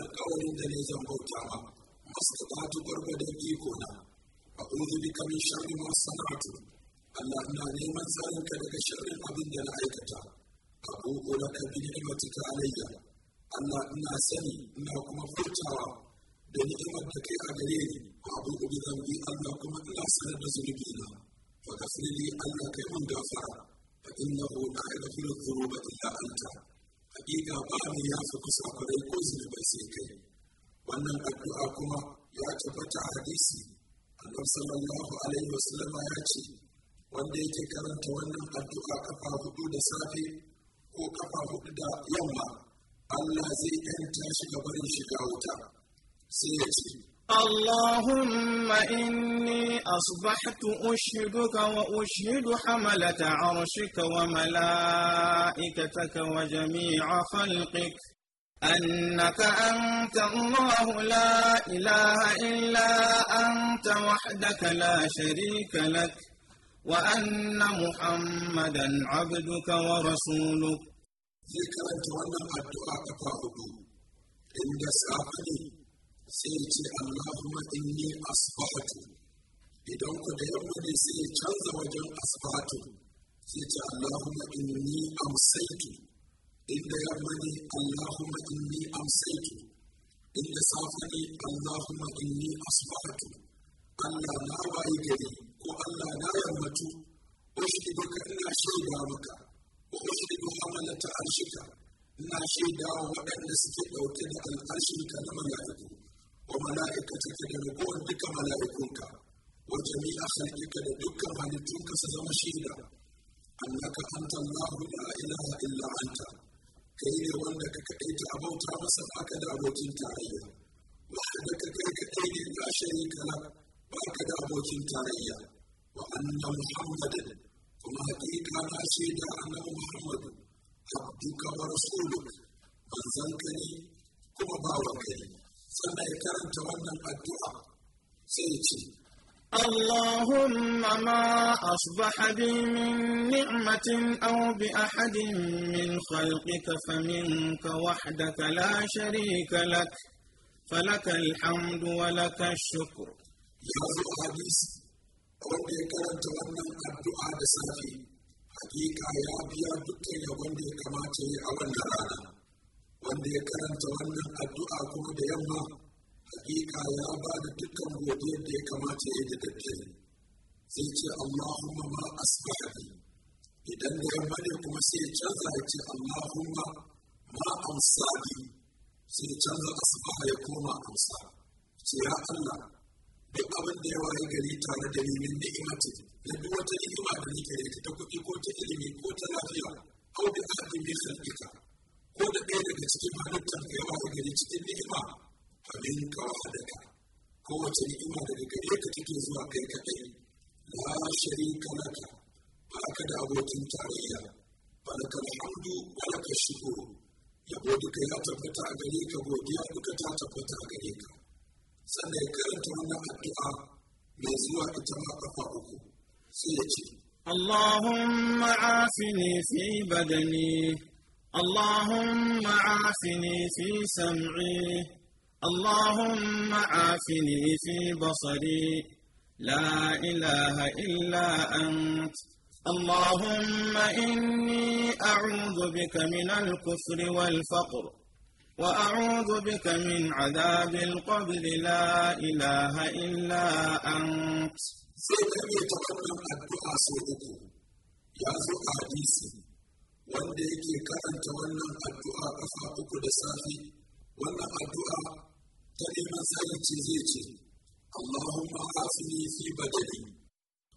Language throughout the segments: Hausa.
alkawarin da ne zan bauta ma mastatatu gwargwadon iko na a uzu bika min sharri ma sana'atu Allah na neman tsarinka daga sharrin abin da na aikata a ƙoƙo na kabi ni'imatuka alayya Allah ina sani ina kuma furtawa da ni'imar da kai a gare ni a abubu bi zambi Allah kuma ina sanar da zunubi na fa gafirli Allah kai mun gafara fa innahu la yaghfiru dhunuba illa anta hakika ba mu ya fi kusa kwarai ko zunubai sai kai wannan addu'a kuma ya tabbata a hadisi annabi sallallahu alaihi wasallama ya ce wanda yake karanta wannan addu'a kafa hudu da safe ko kafa hudu da yamma Allah zai yanta shi gabarin shiga wuta sai ya ce اللهم إني أصبحت أشهدك وأشهد حملة عرشك وملائكتك وجميع خلقك أنك أنت الله لا إله إلا أنت وحدك لا شريك لك وأن محمدا عبدك ورسولك. ذكرت وأنا الدعاء إن sai ya ce Allahumma inni asbahatu idan ku da yamma ne sai ya canza wajen asbahatu sai ya ce Allahumma inni amsaitu inda yamma ne Allahumma inni amsaitu inda safe ne Allahumma inni asbahatu Allah na waye gari ko Allah na yammatu أشهدك إلا شهد ربك وأشهد حملة عرشك إلا شهد وأن سكت أو كده العرش كلام لا يكون وملائكتك لنقول بك ملائكتك وجميع خلقك لدك ملتونك سزم شهيدا أنك أنت الله لا إله إلا أنت كي وندك كأيت أبوت عمسا هكذا أبوتين تعالى وحدك كي كأيت لا شريك لك وهكذا أبوتين تعالى وأن محمدا وما حقيقة لا شهيدا أنه محمد عبدك ورسولك من زنكني كما باوكني سما اللهم ما أصبح بي من نعمة أو بأحد من خلقك فمنك وحدك لا شريك لك فلك الحمد ولك الشكر يا حديث أولي كان تغنى الدعاء بسافي حقيقة يا أبي يا دكتور يا بندي كما تي أولي wanda ya karanta wannan addu'a kuma da yamma hakika ya ba da dukkan godiyar da ya kamata ya yi da daddare sai ce Allahumma ma asbahi idan da yamma ne kuma sai ya canza ya ce Allahumma ma amsabi sai ya canza asbaha ya koma amsa ce ya Allah duk abin da ya waye gari tare da neman min ni'imati da duk wata ni'ima da nake da ta kuɗi ko ta ilimi ko ta lafiya ko da ahadi min ko da ɗaya daga cikin halittar ka yawa da gari cikin ni'ima abin ka wahadaka kowace ni'ima daga gare ka take zuwa kai kaɗai la sharika laka ba ka da abokin tarayya ba da kan hamdu ba da kan shigo yabo duka ya tabbata a gare ka godiya duka ta tabbata a gare ka sannan ya karanta wannan addu'a mai zuwa ita ma kafa uku sai ya ce اللهم عافني في بدني اللهم عافني في سمعي اللهم عافني في بصري لا اله الا انت اللهم اني اعوذ بك من الكفر والفقر واعوذ بك من عذاب القبر لا اله الا انت سيدنا يتكلم الدعاء سيدنا يا ذو wanda yake karanta wannan addu'a kafa uku da safi wannan addu'a ta neman tsarin ce zai ce Allahumma afini fi badani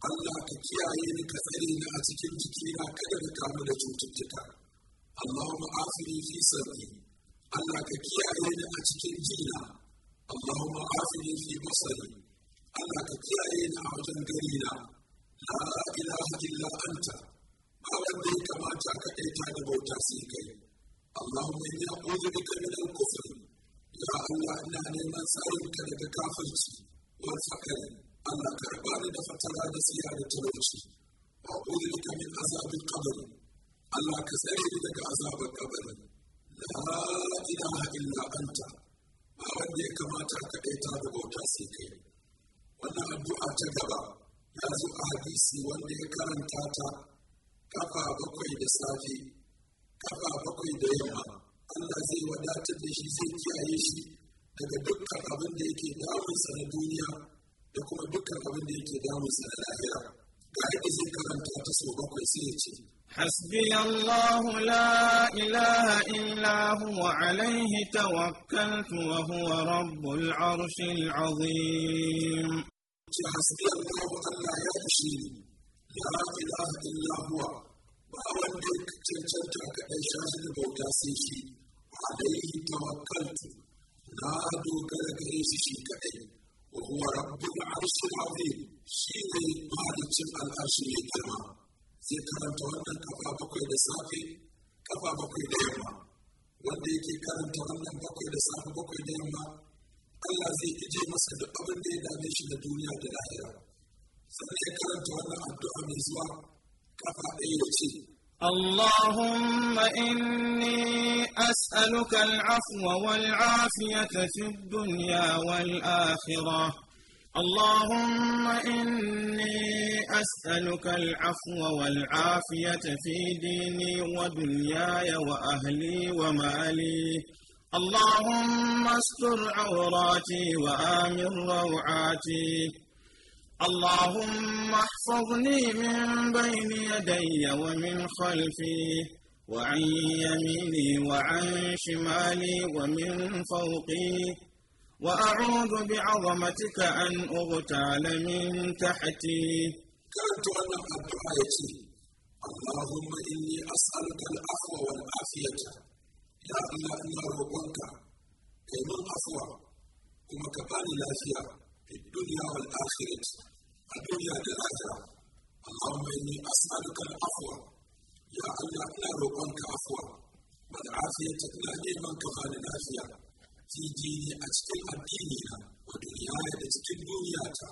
Allah ka kiyaye ni ka tsare ni a cikin jikina kada na kamu da cututtuka Allahumma afini fi sarri Allah ka kiyaye ni a cikin jina Allahumma afini fi basari Allah ka kiyaye ni a wajen garina la ilaha illa anta أعلم ما كماتا كأيتان بوتا سيكي اللهم إني أعوذ بك من الكفر يا الله إنا نيمان سألك لك كافرتي والفقر ألا كربان دفترى نسيان تلوتي وأعوذ بك من عذاب القبر ألا كسرين لك عذاب القبر لا إله إلا أنت أعلم ما كماتا كأيتان بوتا سيكي wannan addu'a ta gaba ya zo a hadisi wanda ya karanta ta kafa bakwai da safe kafa bakwai da yamma Allah zai wadatar da shi zai kiyaye shi daga dukkan abin da yake damunsa na duniya da kuma dukkan abin da yake damunsa na lahira ga yadda zai karanta ta so bakwai sai ya ce حسبي الله لا إله إلا هو عليه توكلت وهو رب العرش العظيم حسبي الله أن لا يخشيني لا إله إلا هو bauta sai shi alaihi tawakkaltu na dogara gare shi shi kadai wa huwa rabbul arshil azim shi ne malicin al'arshi mai girma zai karanta wannan kafa bakwai da safe kafa bakwai da yamma wanda yake karanta wannan bakwai da safe bakwai da yamma Allah zai ije masa duk abin da ya dame shi da duniya da lahira sannan ya karanta wannan addu'a mai zuwa kafa ɗaya ya ce اللهم إني أسألك العفو والعافية في الدنيا والآخرة اللهم إني أسألك العفو والعافية في ديني ودنياي وأهلي ومالي اللهم استر عوراتي وآمن روعاتي اللهم احفظني من بين يدي ومن خلفي وعن يميني وعن شمالي ومن فوقي وأعوذ بعظمتك أن أغتال من تحتي كانت أنا الدعاية اللهم إني أسألك العفو والعافية يا الله إنا ربك كي من كما كباني لافيا في الدنيا والآخرة الدنيا للآخرة اللهم إني أسألك العفو يا الله لا روحك عفو والعافية لا نعمك غير العافية في ديني أتكل ديننا ودنياي أتكل دنياتا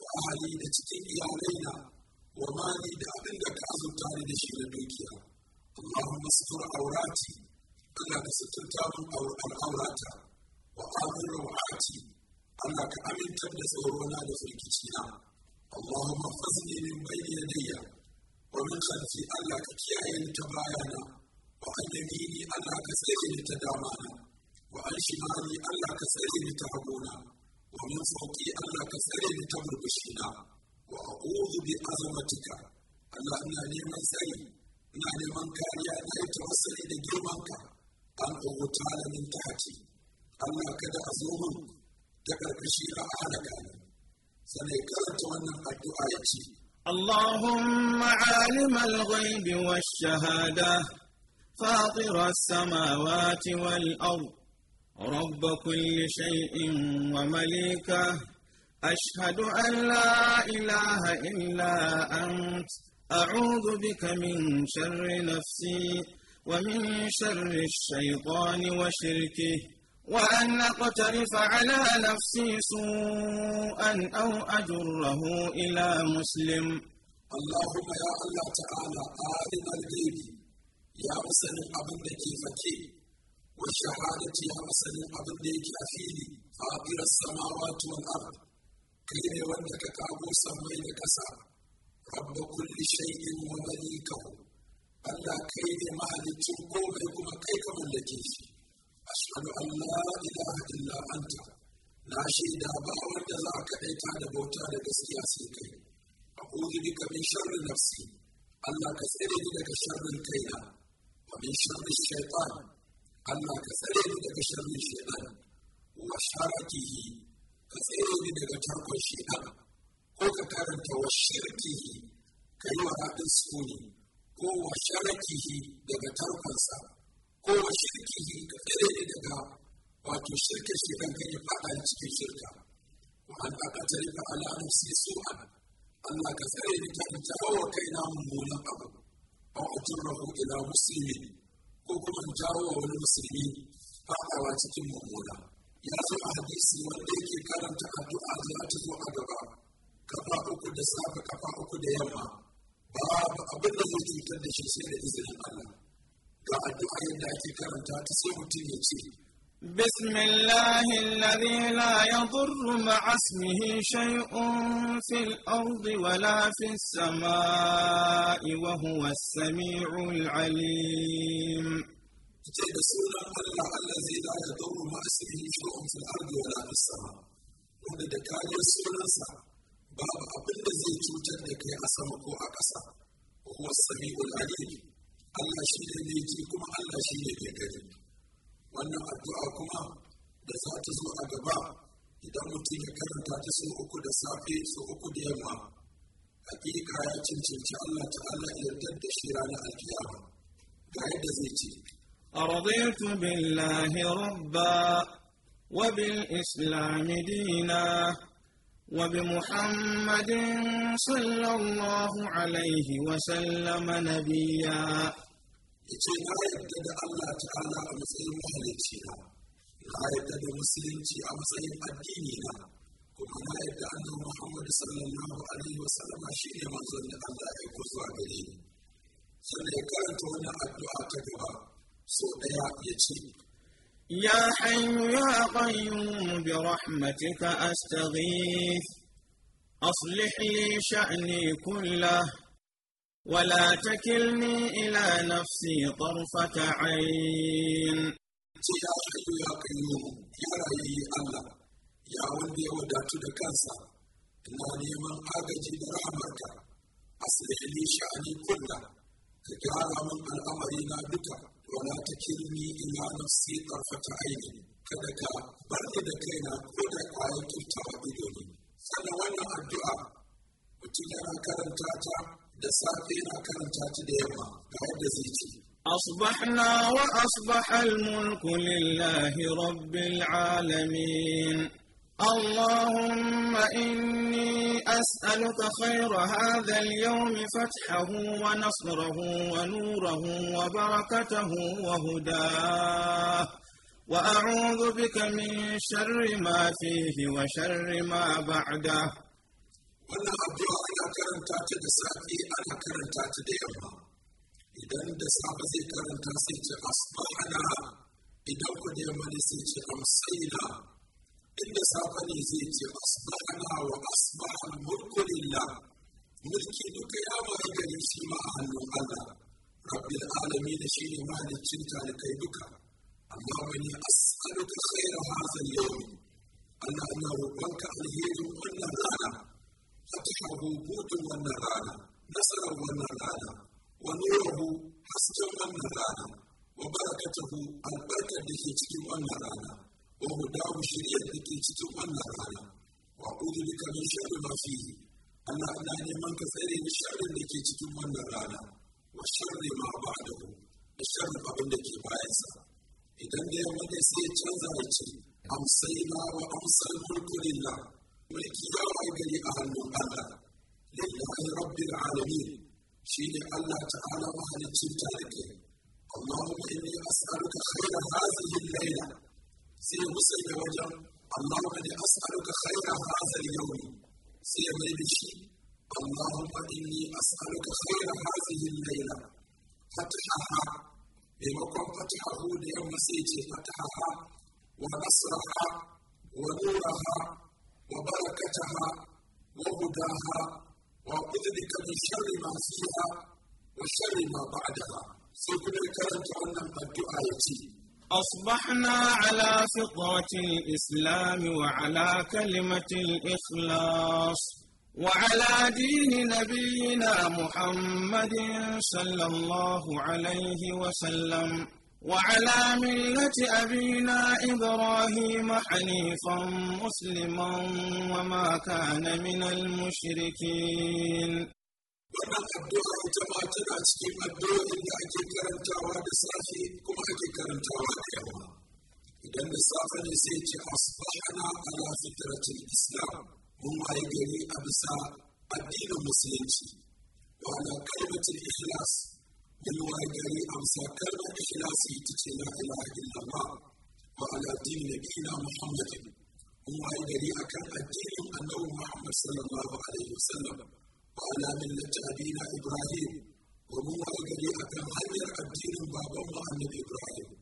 وأهلي أتكل إيالينا ومالي دا عندك أزمتاني لشيل دوكيا اللهم استر عوراتي ألا تستر تابن أو العورات وآمن Allah ka amintar da tsorona da firgicina Allahumma fazni min bayni yadayya wa min khalfi Allah ka kiyaye ni ta bayana wa an yamini Allah ka tsare ni ta damana wa an shimali Allah ka tsare ni ta hagona wa min fawqi Allah ka tsare ni ta burbushina wa a'udhu bi azamatika Allah ina neman tsari ina neman kariya ina yi tawassuli da girmanka an uguta min tahti Allah kada a zo min ta karkashi a halaka sanai karanta wannan addu'a ya ce اللهم عالم الغيب والشهادة فاطر السماوات والأرض رب كل شيء ومليكه أشهد أن لا إله إلا أنت أعوذ بك من شر نفسي ومن شر الشيطان وشركه وأن أقترف على نفسي سوءا أو أجره إلى مسلم اللهم يا الله تعالى عالم الغيب يا مسلم أبن فكي والشهادة يا مسلم قبل ديك أفيني فاطر السماوات والأرض كلمة وانك كابو سمين كسا رب كل شيء ومليكه ألا كيد مالك لكم كيف من ملكيشي أشهد أن لا إله إلا أنت لا شيء دابا والجزاك إيتا دبوتا لقسيا سيكي أعوذ بك من شر نفسي ألا كثير لك شر كينا ومن شر الشيطان ألا كثير لك شر الشيطان وشاركه كثير لك ترك الشيطان وكثير لك karanta wa بسكوني ka yi لك haɗin sukuni ko wa shirkihi ka tsere ni daga wato shirka shi kan kan ya faɗa ni cikin shirka wa an aqatari fa ala nafsi su'an Allah ka tsare ni kan jawo kaina mummunan abu aw ajrahu ila muslimin ko kuma in jawo wa wani musulmi faɗawa cikin mummuna ya zo a hadisi wanda yake karanta addu'a za ta zo a gaba kafa uku da safe kafa uku da yamma babu abin da zai cutar da shi sai da izinin Allah بسم الله الذي لا يضر مع اسمه شيء في الأرض ولا في السماء وهو السميع العليم تجد سورة الله الذي لا يضر مع اسمه شيء في الأرض ولا في السماء wanda da kayan sunansa عبد abin da zai cutar وهو السميع العليم Allah shi ne mai ji kuma Allah shi ne mai gani wannan addu'a kuma da za ta zo a gaba idan mutum ya karanta ta sau uku da safe sau uku da yamma hakika ya cancanci Allah ta'ala yarda da shi ranar alkiyama ga yadda zai ce أرضيت بالله ربا وبالإسلام دينا وبمحمد صلى الله عليه وسلم نبيا yace na yadda da Allah ta'ala a matsayin mahalicci na na yadda da musulunci a matsayin addini na kuma na yadda annabi Muhammad sallallahu alaihi wa sallama shine manzon da Allah ya aiko zuwa gare ni sannan ya karanta wannan addu'a ta gaba so daya yace يا حي يا قيوم برحمتك أستغيث أصلح لي شأني كله ولا تكلني إلى نفسي طرفة عين ce ya hayu ya kayyumu ya rayayi Allah ya wanda ya wadatu da kansa ina neman agaji da rahamarka asali sha'ani kulla ka gyara min al'amari na duka wala ta kirni ila nafsi tarfata aini kada ka bar ni da kaina ko da ƙwayar tuttawa ido ne sannan wannan addu'a mutum yana karanta ta أصبحنا وأصبح الملك لله رب العالمين اللهم إني أسألك خير هذا اليوم فتحه ونصره ونوره وبركته وهداه وأعوذ بك من شر ما فيه وشر ما بعده. karanta ta da safe ana karanta ta da yamma idan da safe zai karanta sai ce asbahana idan ku da yamma ne sai ce amsaina inda safe ne zai ce asbahana wa asbahal mulku lillah mulki duka ya wayi gari shi ma a hannun Allah rabbil alamin shi ne mahaliccin talikai duka amma wani as'aluka khairu hadha al-yawm Allah ina roƙonka alherin wannan فتحه هود والنغال نسر والنغال ونوره حسك والنغال وبركته البركة التي تجي والنغال وهداه الشريعة التي تجي والنغال وأعوذ بك من شر ما فيه أنا أنا من كثير الشر التي تجي والنغال وشر ما بعده الشر قبل التي بايسا إذا يوم النسيت هذا أمسينا وأمسى الملك لله mulkiyawa gari a hannun Allah lillahi rabbil alamin shine Allah ta'ala mahaliccin talibai Allahumma inni as'aluka khayra hadhihi al-layla sai ya musanya wajen Allahumma inni as'aluka khayra hadha al-yawm sai ya mai da shi Allahumma inni as'aluka khayra hadhihi al-layla fataha maimakon fatahu da yamma sai ce fataha wa nasraha wa nuraha وبركتها وهداها وأذلك من شر ما فيها وشر ما بعدها سيكون الكلام عنا قد أصبحنا على فطرة الإسلام وعلى كلمة الإخلاص وعلى دين نبينا محمد صلى الله عليه وسلم وعلى ملة أبينا إبراهيم حنيفا مسلما وما كان من المشركين wannan addu'a ita ma tana cikin addu'o'in da ake karantawa da safe kuma ake karantawa da yawa idan da safe ne sai ce asbahana ala fitratil islam mun waye gari a bisa addinin musulunci wa ala kalmatul ikhlas يلوى جري أمسى كلمة إخلاصي تتي لا إله إلا الله وعلى دين نبينا محمد هو جري أكان الدين أنه محمد صلى الله عليه وسلم وعلى ملة أبينا إبراهيم وهو جري أكان غير الدين بابا النبي إبراهيم